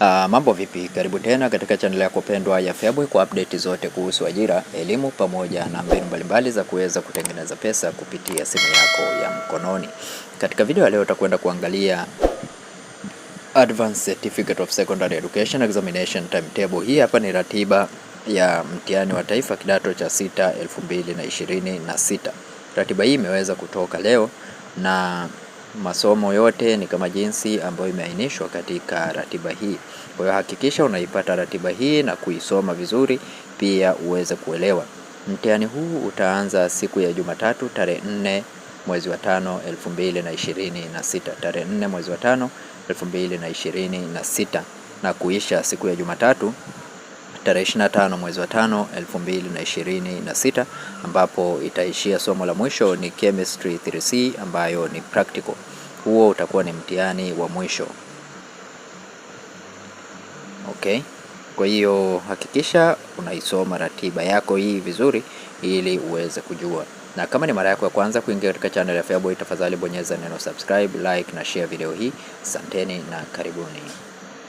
Uh, mambo vipi? Karibu tena katika chaneli yako pendwa ya Feaboy kwa update zote kuhusu ajira, elimu pamoja na mbinu mbalimbali za kuweza kutengeneza pesa kupitia simu yako ya mkononi. Katika video ya leo utakwenda kuangalia Advanced Certificate of Secondary Education Examination timetable. Hii hapa ni ratiba ya mtihani wa taifa kidato cha sita 2026. Ratiba hii imeweza kutoka leo na masomo yote ni kama jinsi ambayo imeainishwa katika ratiba hii. Kwa hiyo hakikisha unaipata ratiba hii na kuisoma vizuri, pia uweze kuelewa. Mtihani huu utaanza siku ya Jumatatu tarehe nne mwezi wa tano elfu mbili na ishirini na sita tarehe nne mwezi wa tano elfu mbili na ishirini na sita na kuisha siku ya Jumatatu tarehe 25 mwezi wa 5 2026, ambapo itaishia somo la mwisho ni chemistry 3C ambayo ni practical. Huo utakuwa ni mtihani wa mwisho. Okay, kwa hiyo hakikisha unaisoma ratiba yako hii vizuri ili uweze kujua na kama ni mara yako ya kwanza kuingia katika channel ya FEABOY, tafadhali bonyeza neno subscribe, like na share video hii. Asanteni na karibuni.